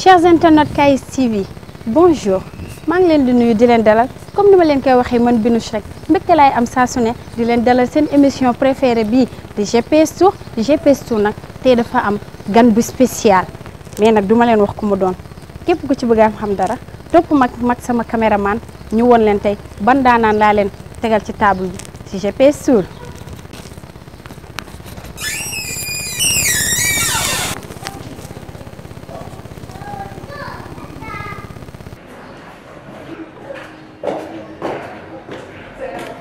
chers internautes KS TV bonjour maa ngi leen di nuyu di leen dalal comme ni ma leen koy waxee man Binouche rek mbégte lay am saa su ne di leen dalal seen émission préférée bii di GPS Tour GPS Tour nag te dafa am gan bu spécial mais nag duma leen wax ku mu doon képp ku ci bëgg a xam dara topp mag mag sama caméraman ñu woon leen tey ban daanaan laa leen tegal ci table bi ci GPS Tour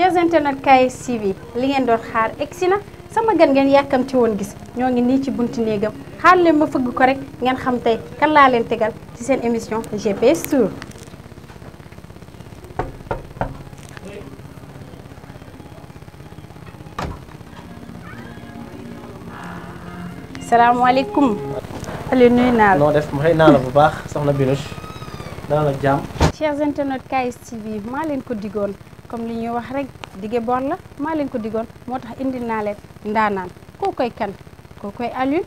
chers internet KS TV li ngeen doon xaar egsi na sama gan ngeen yàkkamti woon gis ñoo ngi nii ci buntu néegam xaar leen ma fëgg ko rek ngeen xam tey kan leen tegal ci seen émission GPS Tour. salaamaaleykum. Aliou nuyu naa noo def ma xëy naa bu baax soxna Binouche naa la jàmm. chers internet KS maa leen ko digoon. comme li ñuy wax rek dige bor la maa leen ko diggoon moo tax indi naa leen ndaanaan koo koy kan koo koy Alioune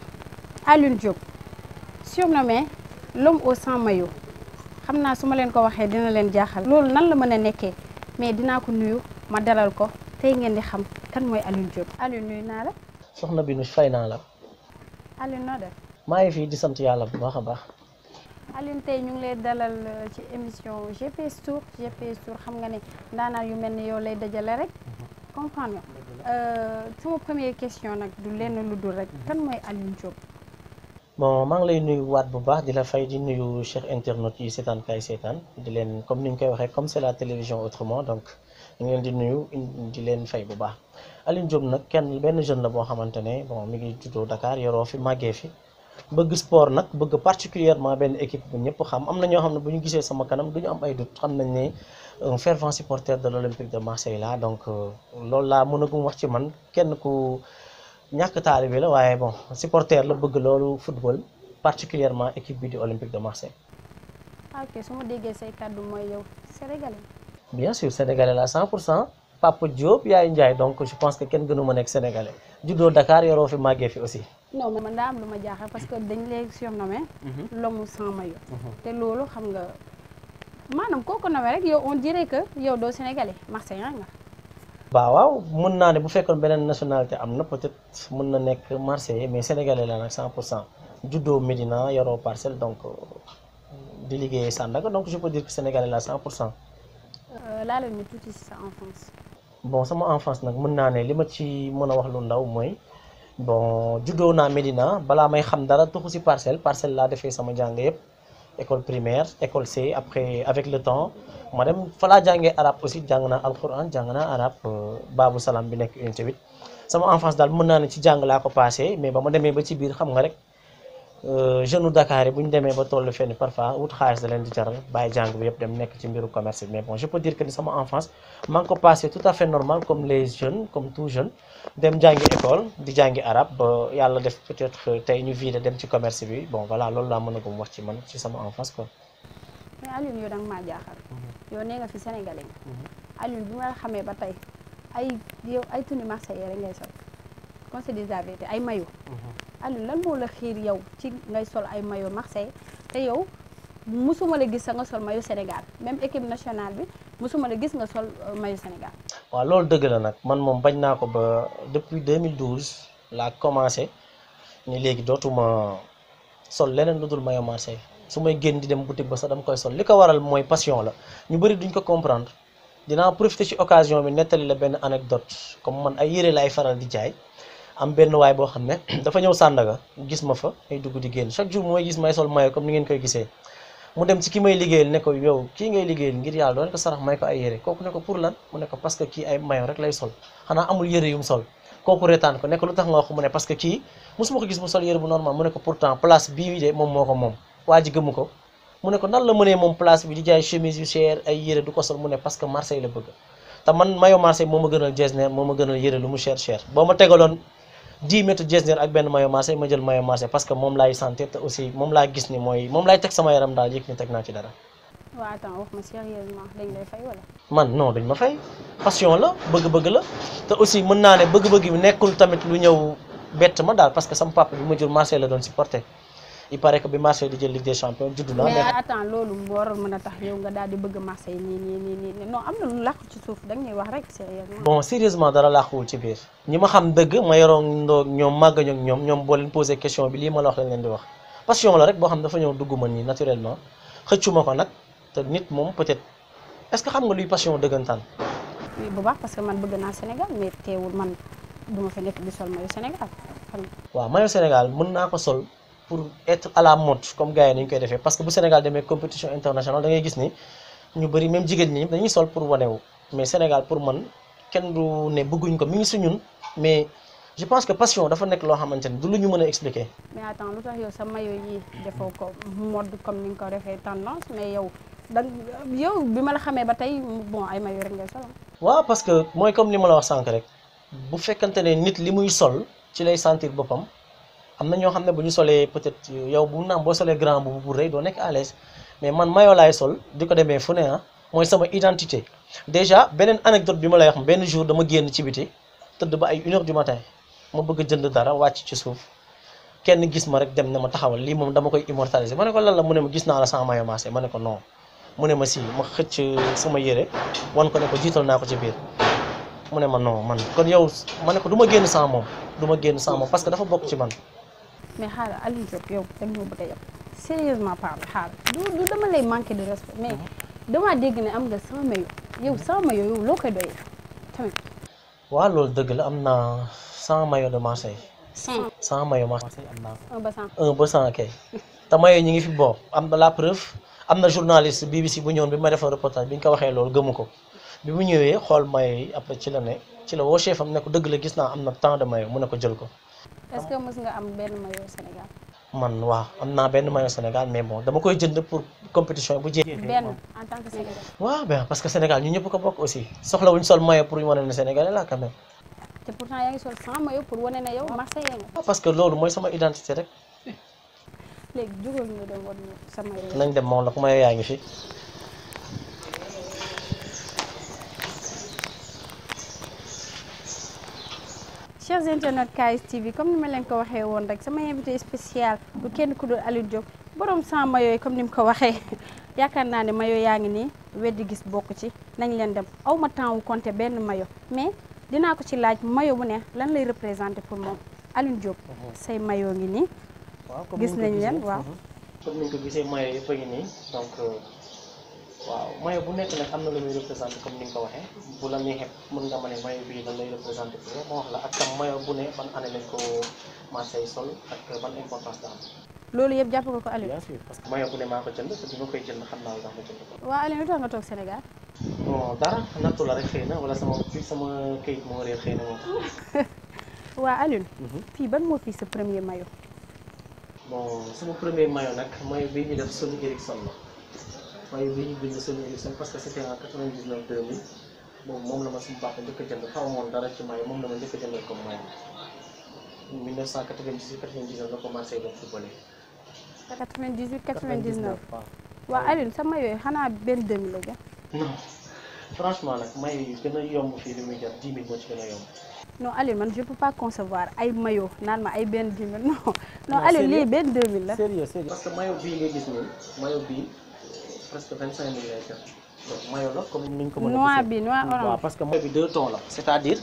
Alioune Diop surnommé l'homme au sans maillot xam naa su ma leen ko waxee dina leen jaaxal loolu nan la mën a nekkee mais dinaa ko nuyu ma daral ko tey ngeen di xam kan mooy Alioune Diop Alioune nuyu naa la soxna bi nu fay naa la Alioune noo def fii di sant yàlla bu baax a baax Aline tey ñu ngi lay dalal euh, ci émission GPS Tour GPS Tour xam nga ni ndaanaan yu mel ni yow lay dajale rek mhm. comprendre nga euh, première question nag du lenn lu dul rek mhm. kan mooy Aline Diop bon maa ngi lay nuyu waat bu baax di la fay di nuyu chers internautes yi seetaan kay seetaan di leen comme ni ñu koy waxee comme c'est la télévision autrement donc ñu ngi di nuyu di leen fay bu baax Aline Diop nag kenn benn jeune la boo xamante ne bon mi ngi juddoo Dakar yoroo fi màggee fi bëgg sport nag bëgg particulièrement benn équipe bu ñëpp xam am na ñoo xam ne bu ñu gisee sama kanam du ñu am ay doute xam nañ ne un fervent supporter de l' Olympique de Marseille la donc euh, loolu laa mën a gum wax ci man kenn ku ñàkk taalibe la waaye bon supporter la bëgg loolu football particulièrement équipe bi di Olympique de Marseille. ok su ma déggee say kàddu mooy yow sénégalais. bien sûr sénégalais la 100 pour cent Papa Diop Yaay Ndiaye donc je pense que kenn gënu ma nekk sénégalais. juddoo Dakar yoroo fi màggee fi aussi. non man daa am lu ma jaaxal parce que dañ lay surnommé. Mhm. l'homme sans maillot. Mhm. te loolu xam nga maanaam kooku nawee rek yow on dirait que yow doo sénégalais marseillais nga. waaw waaw mën naa ne bu fekkoon beneen nationalité am na peut-être mën na nekk marseillais mais sénégalais la nag 100 pour cent juddoo Médina yoroo parcelle donc euh, di liggéeyee Sandaga donc je peux dire que sénégalais la 100 pour cent. laaloon ñu tuuti si sa bon sama enfance nag mën naa ne li ma ci mën a wax lu ndaw mooy bon juddoo naa Médina balaa may xam dara tuxu si parcelle parcelle laa defee sama jàng yëpp école primaire école C après avec le temps ma dem fa laa jàngee arab aussi jàng naa alquran jàng naa arabe euh, baabu salaam bi nekk unité 8 sama enfance daal mën naa ne ci jàng laa ko passé mais ba ma demee ba ci biir xam nga rek. Euh, jeune u Dakar yi bu ñu demee ba toll fenn parfois wut xaalis da leen di jaral bàyyi jàng bi yëpp dem nekk ci mbiru commerce bi mais bon je peux dire que ni sama enfance maa ngi ko passé tout à fait normal comme les jeunes dem jàngi école di jàngi arab ba yàlla def peut-être tey ñu vidé dem ci commerce bi bon voilà loolu laa mën a gum wax ci man ci sama enfance quoi. mais Alioune yow da nga maa jaaxal. Mhm. yow nee nga fi sénégalais nga. Mhm. Alioune bi ma xamee ba tey ay yow ay tuni marseillais rek ngay sol conseil des ay maillots. Mhm. Aliou lan moo la xiir yow ci ngay sol ay mayo Marseille te yow musuma la gis sa nga sol maillot Sénégal même équipe nationale bi musuma la gis nga sol euh, mayo Sénégal. waaw loolu dëgg la nag man moom bañ naa ko ba depuis 2012 laa commencé ni léegi dootuma sol leneen lu dul mayo Marseille su may génn di dem boutique ba sax dama koy sol li ko waral mooy passion la ñu bëri duñ ko comprendre dinaa profiter ci occasion bi nettali la benn anecdote comme man ay yére laay faral di jaay. am benn waay boo xam ne dafa ñëw Sandaga gis ma fa ay dugg di génn chaque jour mooy gis may sol mayo comme ni ngeen koy gisee mu dem ci ki may liggéeyal ne ko yow kii ngay liggéeyal ngir yàlla doon ko sarax may ko ay yére kooku ne ko pour lan mu ne ko que kii ay mayo rek lay sol xanaa amul yére yu mu sol kooku ko ne lu tax nga wax mu ne parce que kii mosuma ko gis mu sol yére bu normal mu ne ko pourtant place bii de moom moo ko moom waa ji ko mu ne ko la mënee moom place bi di jaay chemise yu cher ay yére du ko sol mu ne que Marseille la bëgg te man mayo Marseille moo ma gënal moo ma gënal yére lu mu cher cher boo ma 10 mètres Getzner ak benn maillot marché ma jël maillot marché parce que moom laay sentir te aussi moom laa gis ni mooy moom laay teg sama yaram daal yëg ni teg naa ci dara. waaw attends wax ma sérieusement dañ lay fay wala. man non dañ ma fay passion la bëgg-bëgg la te aussi mën naa ne bëgg-bëgg yu nekkul tamit lu ñëw bett ma daal parce que sama papa bi ma jur marché la doon supporté. il paraît que bi Marseille di jël Ligue des champions juddu na. mais attends loolu waroon mën a tax yow nga daal di bëgg Marseille nii nii nii nii am na lu làq ci suuf da boo leen posé bi lii ma la wax lañ ñëw dugg ma ko nag te nit moom peut xam nga luy passion dëggantaan. bu baax parce que man bëgg Sénégal mais man du ma fa nekk di sol maillot Sénégal. waaw maillot Sénégal naa ko sol pour être à la mode comme gars yi nañu koy defee parce que bu Sénégal demee compétition internationale da ngay gis ni ñu bëri même jigéen ñi dañuy sol pour wanewu mais Sénégal pour man kenn du ne bëgguñ ko mi ngi su ñun mais je pense que passion dafa nekk loo xamante ne du lu ñu mën a expliquer. mais attends lu tax yow sa maillot yi defoo ko mode comme ni nga ko defee tendance mais yow da yow bi ma la xamee ba tey bon ay mayo rek ngay sol. waaw parce que mooy comme li ma la wax sànq rek bu fekkante ne nit li muy sol ci lay sentir boppam. am na ñoo xam ne bu ñu solee peut-être yow bu naam boo solee grand boobu bu rëy doo nekk à mais man mayoo laay sol di ko demee fu ne ah, mooy sama identité déjà beneen anecdote bi ma lay wax benn jour dama génn ci biti tëdd ba ay une heure du matin bëgg jënd dara wàcc ci suuf kenn gis ma rek dem ne ma taxawal lii moom dama koy immortaliser ma ne ko lan la mu ne ma gis naa la sans maillot massé ma ne ko non mu ne ma si ma xëcc sama yére wan ko ne ko naa ko ci biir mu ne ma non man kon yow ma ne ko du ma génn sans moom du ma génn sans moom parce que dafa bokk ci man mais xaaral Aliou Diop yow dañ ñoo dama lay manqué de respect mais mm-hmm. damaa dégg ne am nga sama mayo yow sama mayo yow loo koy doyee tamit. waaw loolu dëgg la am na cent mayo de Marseille. cent cent mayo Marseille am naa ko. ba cent kay. te mayo ñi ngi fi boobu am na la preuve am na journaliste BBC bu ñëwoon bi ma defoon reportage bi ñu ko waxee loolu gëmu ko bi mu ñëwee xool mayo yi après ci la ne ci la woo chef am ne ko dëgg la gis naa am na tant de mayo mu ne ko jël ko. est-ce que mës nga am benn man waaw am naa benn ma maillot Sénégal mais bon dama koy jënd pour compétition bu jeexee. benn en tant que parce que Sénégal ñu ñëpp ko bokk aussi soxlawuñu sol maillot pour ñu wane ne Sénégalais la quand même. te pourtant yaa ngi sol sans maillot pour wane ne yow Marseillais ah, parce que loolu mooy sama identité rek. léegi jógal ñu nañ dem moom la ku maillot yaa ngi fi. chers internautes KSTV comme ni ma leen ko waxee woon rek sama invité spécial bu kenn ku dul Alieu Diop borom sans maillot comme ni mu ko waxee yaakaar naa ne mayo yaa ngi nii weddi gis bokk ci nañ leen dem aw ma temps wu benn mayo mais dinaa ko ci laaj mayo bu ne lan lay représenté pour moom Alieu Diop. Mhm. say maillot ngi nii. gis nañ leen waaw. Mhm. comme waaw maillot bu nekk nag am na lu muy représenté comme ni nga ko waxee bu la neexee mën nga ma ne maillot bii lan lay représenté pour ma wax la ak tam maillot bu ne ban année lañ ko Marseille loolu yëpp jàpp nga parce que maillot bu ne maa ko jënd te bi ma koy jënd xam naa lu tax ma jënd ko. waaw Aliou lu tax nga toog Sénégal. moo réer xëy na moom. waa mhm. moo fii sa premier maillot. nag maillot bii ñu def Sony Ericsson la. waaye bii ñu bind seen émission parce que c'était en 99 2000 boobu moom la ma suñu baax njëkk a jënd xaw ma dara ci may moom la ma njëkk a jëndal comme may 1998 99 sa maillot yi xanaa benn la ja non franchement nag maillot a yomb fii a benn 10 000 non. non Alioune lii benn 2000 la. sérieux sérieux bii nga gis nii maillot bii. presque vingt cinq mille lay def donc maillot la comme ni ñu ko mën a. noix bi noix orange waaw parce que maillot la. c' à dire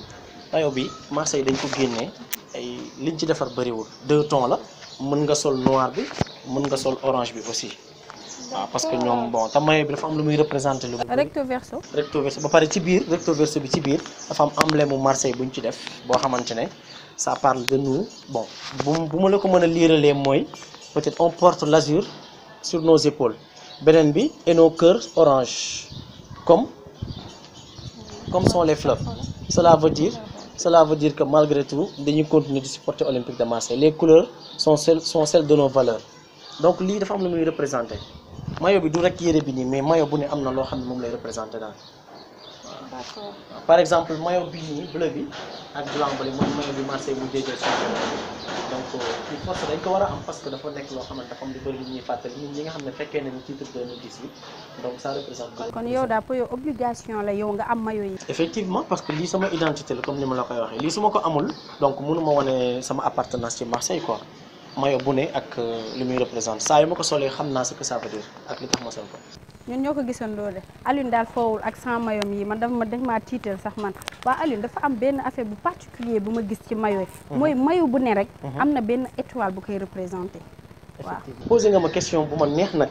maillot bi marché dañ ko génnee ay liñ ci defar bëriwul deux tons la mën nga sol noir bi mën nga sol orange bi aussi. waaw parce que ñoom bon te maillot bi dafa am lu muy représenté lu mu. recto verso. recto ba pare ci biir recto bi ci biir dafa am emblème mu Marseille bu ñu ci def boo xamante ne sa parle de nous bon bu bu ma la ko mën a liiralee mooy peut-être on porte l'azur sur nos épaules. beneen bi et nos orange comme comme son les fleuves cela veut dire cela veut dire que malgré tout dañuy continuer di supporter Olympique de Marseille les couleurs son celles sont celles de nos valeurs donc lii dafa am na muy représenté maillot bi du rek yére bi nii mais maillot bu ne am na loo xam ne moom lay représenté daal d'accord par exemple maillot bii nii bleu bi ak blanc bi mooy maillot bi Marseille bu mujjee jël suñu dañ ko war a am parce que dafa nekk loo xamante dafa am lu bëri fàttali ñun nga xam ne fekkee nañu titre 2010 bi donc ça représente. kon yow daa pour yow obligation la yow nga am maillot yi. effectivement parce que lii sama identité la comme ni ma la koy waxee lii su ma ko amul donc mënuma wane sama appartenance ci Marseille ko maillot bu ne ak euh, li muy représente saa yu ma ko solee xam naa ce que ça veut dire ak li tax ma sol ko. ñun ñoo ko gisandoo de Alioune daal foowul ak sans maillot yi man dafa ma dañ maa tiital sax man waa Alioune dafa am benn affaire bu particulier bu ma gis ci mayo yi. Mhm. mooy mayo bu ne rek. Mhm. am na benn étoile bu koy représenté. waaw posé nga ma question bu ma neex nag.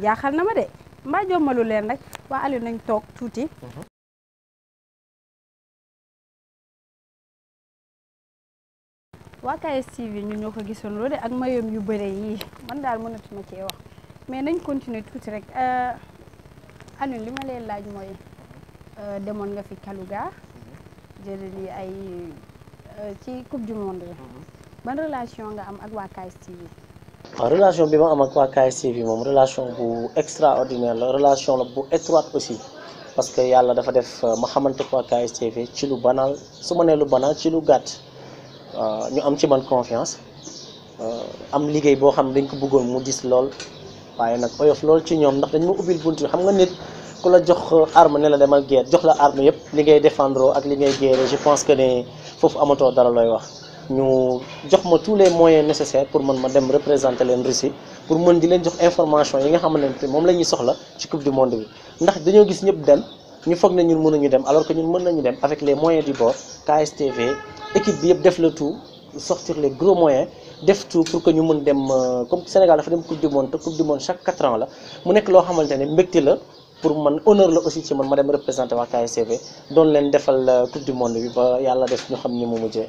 jaaxal na ma de mbaa jommalu leen rek waa Aliou nañ toog tuuti. Mhm. waa KSTV ñun ñoo ko gisandoo de ak mayoom yu bëre yi man daal mënatuma cee wax mais nañ continuer tuuti rek euh, Aliou li ma laaj mooy euh, demoon nga fi Kaluga mhm. jëleli ay euh, ci coupe du monde mhm. ban relation nga am ak waa KSTV waaw relation bi ma am ak waa KSTV moom relation bu extraordinaire la relation la bu étroite aussi parce que yàlla dafa def euh, ma xamante ko waa KSTV ci lu banal su ma nee lu banal ci lu gàtt euh, ñu am ci man confiance euh, am liggéey boo xam dañ ko bëggoon mu gis lool waaye nag oyof lool ci ñoom ndax dañ ma ubbil bunt xam nga nit ku la jox arme ne la demal guerre jox la arme yëpp li ngay défendre ak li ngay guerre je pense que ne foofu amatoo dala looy wax. ñu jox ma tous les moyens nécessaires pour man ma dem représenter leen Russie pour mën di leen jox information yi nga xamante moom la ñuy soxla ci coupe du monde bi ndax dañoo gis ñëpp dem ñu foog ne ñun mënuñu dem alors que ñun mën nañu dem avec les moyens du bord KSTV équipe bi yëpp def le tout sortir les gros moyens def tout pour que ñu mën dem euh, comme Sénégal dafa dem coupe du monde te coupe du monde chaque 4 ans la mu nekk loo xamante ne mbégte la pour man honneur aussi ci man ma dem représenter waa KSTV leen defal euh, coupe du monde bi ba yàlla def ñu xam ni mu mujjee.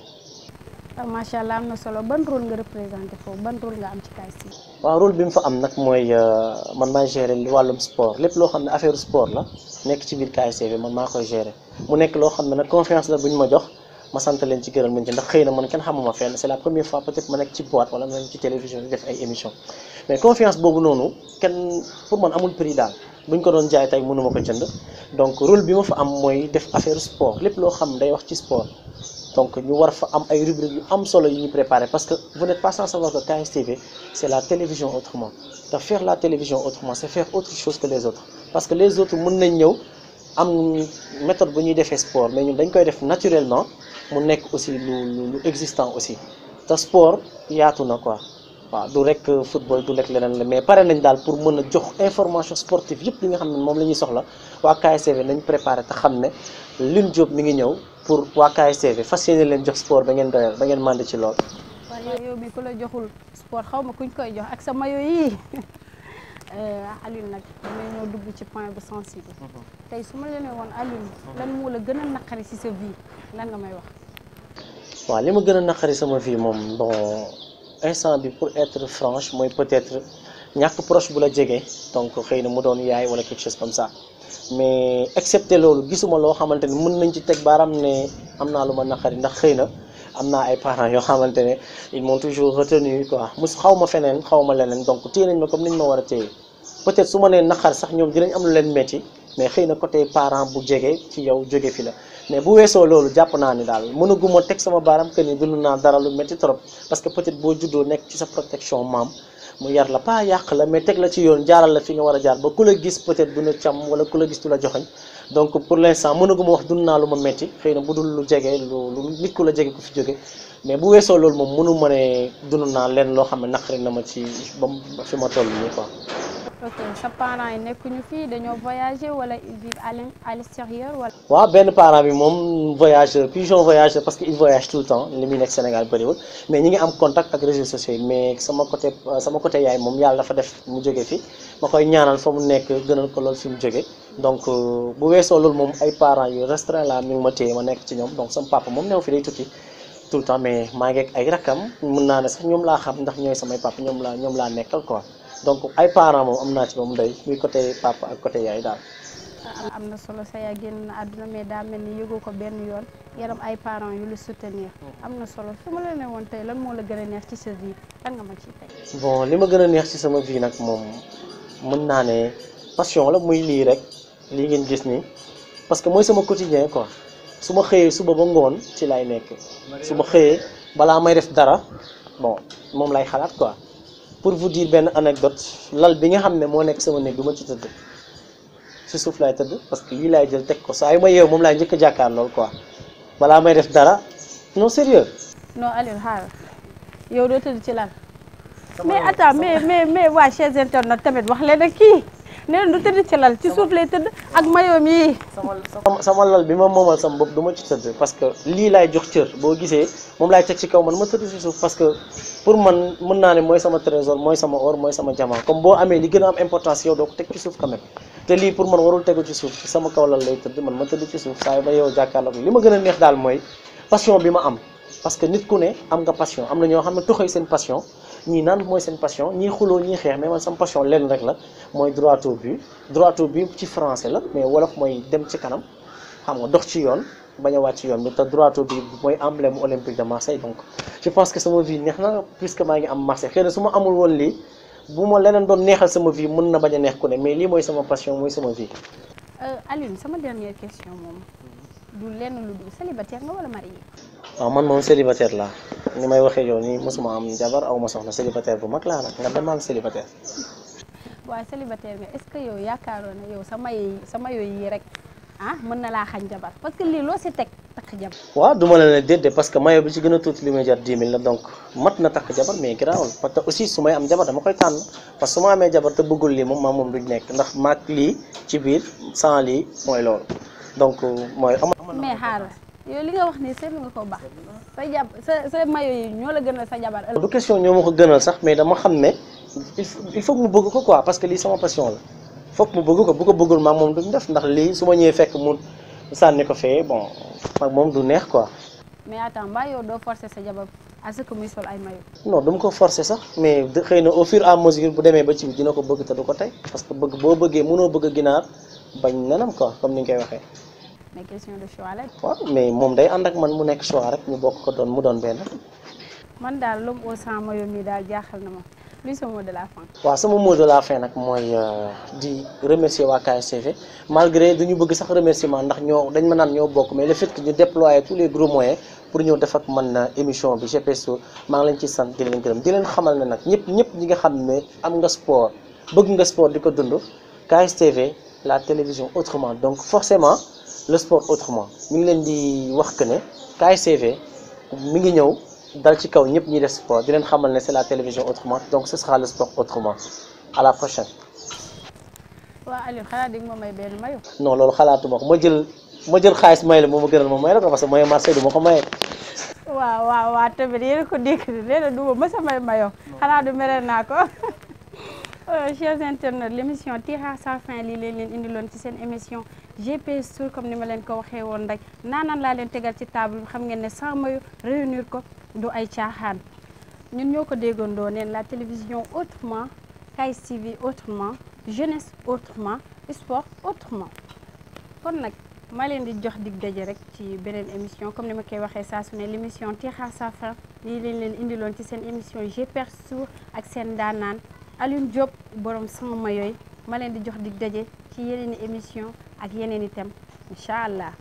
Ah, macha allah am na solo ban rôle nga représenté foofu ban rôle nga am ci KSC. waaw rôle bi mu fa am nag mooy euh, man maa gérer li wàllum sport lép loo xam ne affaire sport la nekk ci biir KSC bi man maa mu nekk loo xam ne nag confiance bu ñu ma jox ma sant leen ci gërëm leen xëy na man kenn xamuma fenn c'est la première fois peut-être ma nekk ci boîte wala ma nekk ci télévision di def ay émissions daal. buñ ko doon jaay tey mënuma ko jënd donc rôle bi ma fa am mooy def affaire lépp loo xam day wax ci sport donc ñu war fa am ay rubrique yu am solo yu ñu préparé parce que vous n'êtes pas sans savoir que KSTV c'est la télévision autrement te faire la télévision autrement c'est faire autre chose que les autres parce que les autres mën nañ ñëw am méthode bu ñuy defee sport mais ñun dañ koy def naturellement mu nekk aussi lu lu existant aussi te sport yaatu na ko waaw du rek euh, football du rek leneen la mais pare nañ daal pour mën a jox information sportive yëpp li nga xam ne moom la ñuy soxla waa KSTV nañ préparé xam ne Lune Diop mi ngi ñëw pour waa KSTV fas yéene leen jox sport ba ngeen doyal ba ngeen mànd ci lool. waaye yow bi ku la joxul sport xaw ma kuñ koy jox ak sa mayo yi eh, Alioune nag damay ñëw dugg ci point bu sensible. Mhm. tey su ma leen woon Alioune. Mhm. lan moo la gën a naqari si sa vie lan nga may wax. waaw li ma gën a naqari sama vie moom bon instant bi pour être franche mooy peut-être ñàkk proche bu la jege donc xëy na mu doon yaay wala quelque chose comme ça. mais excepté loolu gisuma loo xamante ne mën nañ ci teg baaraam ne am naa lu ma naqari ndax xëy na am naa ay parent yoo xamante ne ils m'ont toujours retenu quoi mus xaw ma feneen xaw ma leneen donc téye nañ ma comme niñ ma war a téye peut-être su ma nee naqar sax ñoom dinañ am lu leen metti mais xëy na côté parent bu jege ci yow jóge fi la mais bu weesoo loolu jàpp naa ni daal mënaguma teg sama baaraam que ni dund naa dara lu métti trop parce que peut-être boo juddoo nekk ci sa protection maam mu yar la pas yàq la mais teg la ci yoon jaaral la fi nga war a jaar ba ku la gis peut du la càmm wala ku la gis du la joxoñ donc pour l'instant mënaguma wax dund naa lu ma metti xëy na bu dul lu jege lu nit ku la jege ko fi jóge mais bu weesoo loolu moom mënu ma ne dund naa leen loo xam ne naqari na ma ci ba fi ma toll nii ko ok sa parents yi nekkuñu fii dañoo voyager wala ils vivent à l'extérieur wala. waaw benn parent bi moom voyageur pigeon voyageur parce que il voyage tout le temps li muy nekk Sénégal bëriwul mais ñi ngi am contact ak réseaux sociaux yi mais sama côté yaay moom yàlla dafa def mu jógee fii ma koy ñaanal fa mu nekk gënal ko lool fi mu jógee donc euh, bu weesoo loolu moom ay parents yu restreint la ñu ngi ma téye ma nekk ci ñoom donc sama papa moom new fi day tukki. naa ñoom laa xam ndax ñooy samay papa ñoom laa ñoom laa nekkal quoi donc ay parent moom am naa ci moom ndey muy côté papa ak côté yaay daal. Ah, am na solo sa yaay génn na àdduna mais daa mel ni yëgu ko benn yoon yaram ay parent yu la soutenir. Hmm. am na solo su ma la woon tey lan moo la gën a neex ci sa vie lan nga ma ciy tey. bon li ma gën a neex ci sama vie nag moom mën naa ne passion la muy lii rek lii ngeen gis ni parce que mooy sama quotidien quoi su ma xëyee suba ba ngoon ci laay nekk su ma xëyee balaa may def dara bon moom lay xalaat quoi. pour vous dire benn anecdote lal bi nga xam ne moo nekk sama néeg du ma ci tëdd si suuf laay tëdd parce que lii laay jël teg ko saa yu ma yeew moom laay jëkk a jàkkaar lool quoi balaa may def dara non sérieux non Aliou xaaral yow doo tëdd ci lal mais attends mais mais mais waa chers internautes tamit wax leen ak kii nee du tëdd ci lal ci suuf lay tëdd ak mayoom yi sama lal bi ma moomal sama bopp du ci tëdd parce que lii laay jox cër boo gisee moom laay teg ci kaw man ma tëdd ci suuf parce que pour man mën naa ne mooy sama trésor mooy sama or mooy sama jamaa comme boo amee li gën a am importance yow doo ko teg ci suuf quand même te lii pour man warul tegu ci suuf sama kaw lal lay tëdd man ma tëdd ci suuf saa yu ma yow jàkkaarloo li ma gën a neex daal moo passion bi ma am parce que nit ku ne am nga passion am na ñoo xam ne tuxay seen passion ñii naan mooy seen passion ñii xuloo ñii xeex mais man sama passion lenn rek la mooy droit au but droit ci français la mais wolof mooy dem ci kanam xam nga dox ci yoon bañ a wàcc ci yoon bi te droit au but mooy emblème olympique de Marseille donc je que sama vie neex na puisque maa ngi am Marseille xëy su ma amul woon lii bu ma leneen doon neexal sama vie mën na bañ a neex ku ne mais lii mooy sama passion mooy sama vie. Euh, Alioune sama dernière question moom du lenn waaw man moom célibataire laa ni may waxee yow nii mosuma am jabar aw ma soxna célibataire bu mag laa nag nga demal célibataire. waaw célibataire nga est-ce que yow yaakaaroon na yow sama yi yi rek ah mën na laa xañ jabar parce que lii loo si teg takk jabar. waaw du ma la ne déedéet parce que mayo bi ci gën a tuuti li muy jar 10 la donc mat na takk jabar mais garaawul parce que aussi su may am jabar dama koy tànn parce que su ma amee jabar te bëggul lii moom maa moom nekk ndax maag lii ci biir sans lii mooy loolu donc mooy. mais xaaral. yooy li nga wax nii seetlu nga ko baax sa jab sa sa mayo yi ñoo la gënal sa jabar du question ñoo ma ko gënal sax mais dama xam ne il faut mu bëgg ko quoi parce que lii sama passion la foog mu bëgg ko bu ko bëggul maag moom duñ def ndax lii su ma ñëwee fekk mu sànni ko fee bon maag moom du neex quoi mais attends mbaa yow doo forcer sa jabar a ce que muy sol ay maillot. non dama ko force sax mais xëy na au fur et à bu demee ba ci bi dina ko bëgg te du ko tey parce que bëgg boo bëggee mënoo bëgg ginaar bañ nanam quoi comme ni nga koy waxee. mais question de moom day ànd ak man mu nekk choix rek ñu bokk ko doon mu doon benn. man daal l'homme au sang maillot mi daal jaaxal na ma luy sa mot waaw sama mot de la fin nag mooy euh, di remercier waa KSTV malgré du ñu bëgg sax remerciement ndax ñoo dañ ma naan ñoo bokk mais la fait que ñu déployer tous les gros moyens pour ñëw def ak man euh, émission bi GPS maa ngi leen ci sant di leen gërëm di leen xamal ne nag ñëpp ñëpp ñi nga xam ne am nga sport bëgg nga sport di ko dund KSTV la télévision autrement donc forcément. le sport autrement mi ngi leen di wax que ne KSTV mi ngi ñëw dal ci kaw ñëpp ñuy def sport di leen xamal ne c'est la télévision autrement donc ce sera le sport autrement à la prochaine. waaw Aliou xanaa di ma may benn mayu. non loolu xalaatuma ma jël ma jël xaalis may la moom ma gënal ma may la ko parce que mooy marché du ma ko maye. waaw waaw waaw tamit yéen ko dégg nee na du ma may mayoo xanaa du mere naa ko. Euh, chers internautes l'émission tira sa fin lii leen leen indiloon ci seen émission GP Sour comme ni ma leen ko waxee woon rek naanaan laa leen tegal ci taabu bi xam ngeen ne sans mayu réunir ko du ay caaxaan ñun ñoo ko déggandoo neen la télévision autrement Kayz TV autrement jeunesse autrement sport autrement kon nag ma leen di jox dig daje rek ci beneen émission comme ni ma koy waxee saa su ne l'émission tira sa fin lii leen leen indiloon ci seen émission GP Sour ak seen daanaan Alioune Diop borom sama ma yooyu ma leen di jox dig daje ci yeneen i émission ak yeneen i thèmes incha allah.